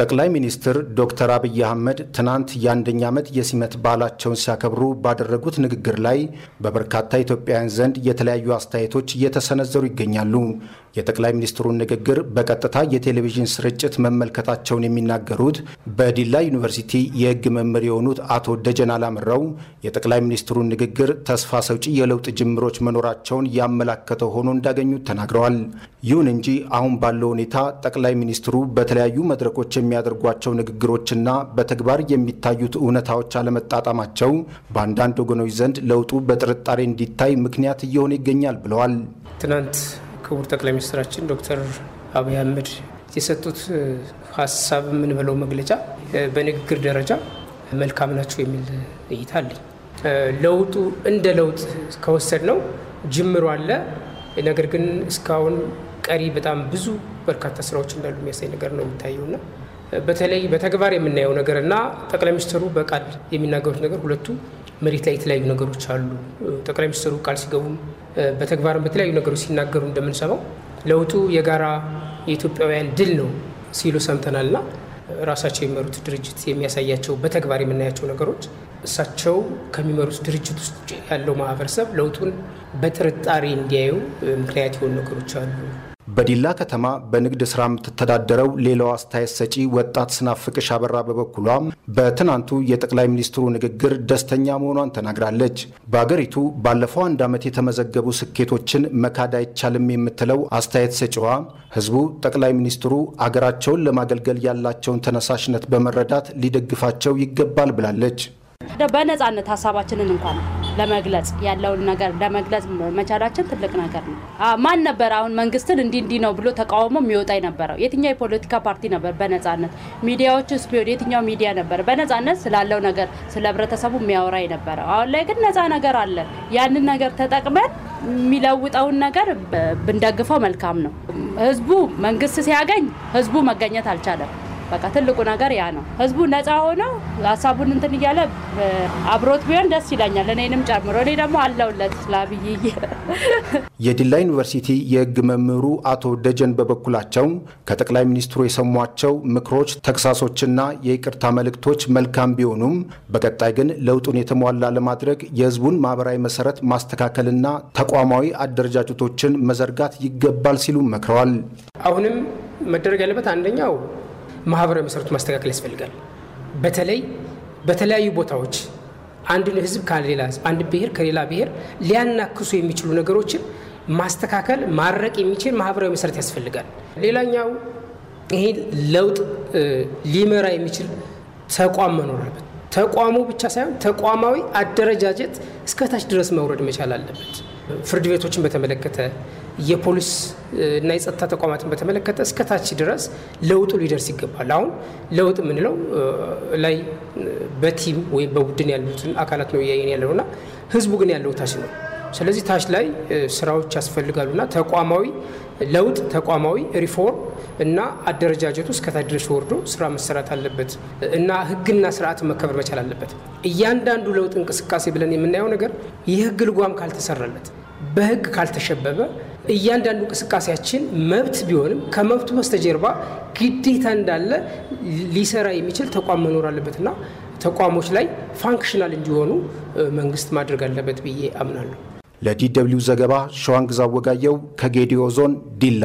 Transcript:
ጠቅላይ ሚኒስትር ዶክተር አብይ አህመድ ትናንት የአንደኛ ዓመት የሲመት በዓላቸውን ሲያከብሩ ባደረጉት ንግግር ላይ በበርካታ ኢትዮጵያውያን ዘንድ የተለያዩ አስተያየቶች እየተሰነዘሩ ይገኛሉ። የጠቅላይ ሚኒስትሩን ንግግር በቀጥታ የቴሌቪዥን ስርጭት መመልከታቸውን የሚናገሩት በዲላ ዩኒቨርሲቲ የህግ መምህር የሆኑት አቶ ደጀን አላምረው የጠቅላይ ሚኒስትሩን ንግግር ተስፋ ሰውጪ የለውጥ ጅምሮች መኖራቸውን ያመላከተው ሆኖ እንዳገኙት ተናግረዋል። ይሁን እንጂ አሁን ባለው ሁኔታ ጠቅላይ ሚኒስትሩ በተለያዩ መድረኮች የሚያደርጓቸው ንግግሮችና በተግባር የሚታዩት እውነታዎች አለመጣጣማቸው በአንዳንድ ወገኖች ዘንድ ለውጡ በጥርጣሬ እንዲታይ ምክንያት እየሆነ ይገኛል ብለዋል። ትናንት ክቡር ጠቅላይ ሚኒስትራችን ዶክተር አብይ አህመድ የሰጡት ሀሳብ የምንበለው መግለጫ በንግግር ደረጃ መልካም ናቸው የሚል እይታ አለኝ። ለውጡ እንደ ለውጥ ከወሰድ ነው ጅምሮ አለ። ነገር ግን እስካሁን ቀሪ በጣም ብዙ በርካታ ስራዎች እንዳሉ የሚያሳይ ነገር ነው የሚታየውና በተለይ በተግባር የምናየው እና ጠቅላይ ሚኒስትሩ በቃል የሚናገሩት ነገር ሁለቱም መሬት ላይ የተለያዩ ነገሮች አሉ። ጠቅላይ ሚኒስትሩ ቃል ሲገቡም በተግባርም በተለያዩ ነገሮች ሲናገሩ እንደምንሰማው ለውጡ የጋራ የኢትዮጵያውያን ድል ነው ሲሉ ሰምተናልና ራሳቸው የሚመሩት ድርጅት የሚያሳያቸው በተግባር የምናያቸው ነገሮች እሳቸው ከሚመሩት ድርጅት ውስጥ ያለው ማህበረሰብ ለውጡን በጥርጣሬ እንዲያዩ ምክንያት የሆኑ ነገሮች አሉ። በዲላ ከተማ በንግድ ስራ የምትተዳደረው ሌላው አስተያየት ሰጪ ወጣት ስናፍቅሽ አበራ በበኩሏም በትናንቱ የጠቅላይ ሚኒስትሩ ንግግር ደስተኛ መሆኗን ተናግራለች። በአገሪቱ ባለፈው አንድ ዓመት የተመዘገቡ ስኬቶችን መካድ አይቻልም የምትለው አስተያየት ሰጪዋ ህዝቡ ጠቅላይ ሚኒስትሩ አገራቸውን ለማገልገል ያላቸውን ተነሳሽነት በመረዳት ሊደግፋቸው ይገባል ብላለች። በነጻነት ሀሳባችንን እንኳን ለመግለጽ ያለውን ነገር ለመግለጽ መቻላችን ትልቅ ነገር ነው። ማን ነበር አሁን መንግስትን እንዲ እንዲ ነው ብሎ ተቃውሞ የሚወጣ የነበረው? የትኛው የፖለቲካ ፓርቲ ነበር በነጻነት ሚዲያዎች ውስጥ ቢሆን የትኛው ሚዲያ ነበር በነጻነት ስላለው ነገር ስለ ህብረተሰቡ የሚያወራ የነበረው? አሁን ላይ ግን ነጻ ነገር አለ። ያንን ነገር ተጠቅመን የሚለውጠውን ነገር ብንደግፈው መልካም ነው። ህዝቡ መንግስት ሲያገኝ ህዝቡ መገኘት አልቻለም። በቃ ትልቁ ነገር ያ ነው። ህዝቡ ነፃ ሆኖ ሀሳቡን እንትን እያለ አብሮት ቢሆን ደስ ይለኛል፣ እኔንም ጨምሮ። እኔ ደግሞ አለውለት ለአብይዬ። የዲላ ዩኒቨርሲቲ የህግ መምህሩ አቶ ደጀን በበኩላቸው ከጠቅላይ ሚኒስትሩ የሰሟቸው ምክሮች፣ ተግሳሶችና የይቅርታ መልእክቶች መልካም ቢሆኑም በቀጣይ ግን ለውጡን የተሟላ ለማድረግ የህዝቡን ማህበራዊ መሰረት ማስተካከልና ተቋማዊ አደረጃጀቶችን መዘርጋት ይገባል ሲሉ መክረዋል። አሁንም መደረግ ያለበት አንደኛው ማህበራዊ መሰረቱ ማስተካከል ያስፈልጋል። በተለይ በተለያዩ ቦታዎች አንድን ህዝብ ከሌላ ህዝብ፣ አንድ ብሄር ከሌላ ብሄር ሊያናክሱ የሚችሉ ነገሮችን ማስተካከል ማድረቅ የሚችል ማህበራዊ መሰረት ያስፈልጋል። ሌላኛው ይሄ ለውጥ ሊመራ የሚችል ተቋም መኖር አለበት። ተቋሙ ብቻ ሳይሆን ተቋማዊ አደረጃጀት እስከታች ድረስ መውረድ መቻል አለበት። ፍርድ ቤቶችን በተመለከተ የፖሊስ እና የጸጥታ ተቋማትን በተመለከተ እስከ ታች ድረስ ለውጡ ሊደርስ ይገባል። አሁን ለውጥ የምንለው ላይ በቲም ወይም በቡድን ያሉትን አካላት ነው እያየን ያለውና ህዝቡ ግን ያለው ታች ነው። ስለዚህ ታች ላይ ስራዎች ያስፈልጋሉና ተቋማዊ ለውጥ ተቋማዊ ሪፎርም እና አደረጃጀቱ እስከታች ድረስ ወርዶ ስራ መሰራት አለበት እና ህግና ስርዓት መከበር መቻል አለበት። እያንዳንዱ ለውጥ እንቅስቃሴ ብለን የምናየው ነገር የህግ ልጓም ካልተሰራለት፣ በህግ ካልተሸበበ እያንዳንዱ እንቅስቃሴያችን መብት ቢሆንም ከመብቱ በስተጀርባ ግዴታ እንዳለ ሊሰራ የሚችል ተቋም መኖር አለበትና ተቋሞች ላይ ፋንክሽናል እንዲሆኑ መንግስት ማድረግ አለበት ብዬ አምናለሁ። ለዲደብሊው ዘገባ ሸዋንግዛ ወጋየው ከጌዲዮ ዞን ዲላ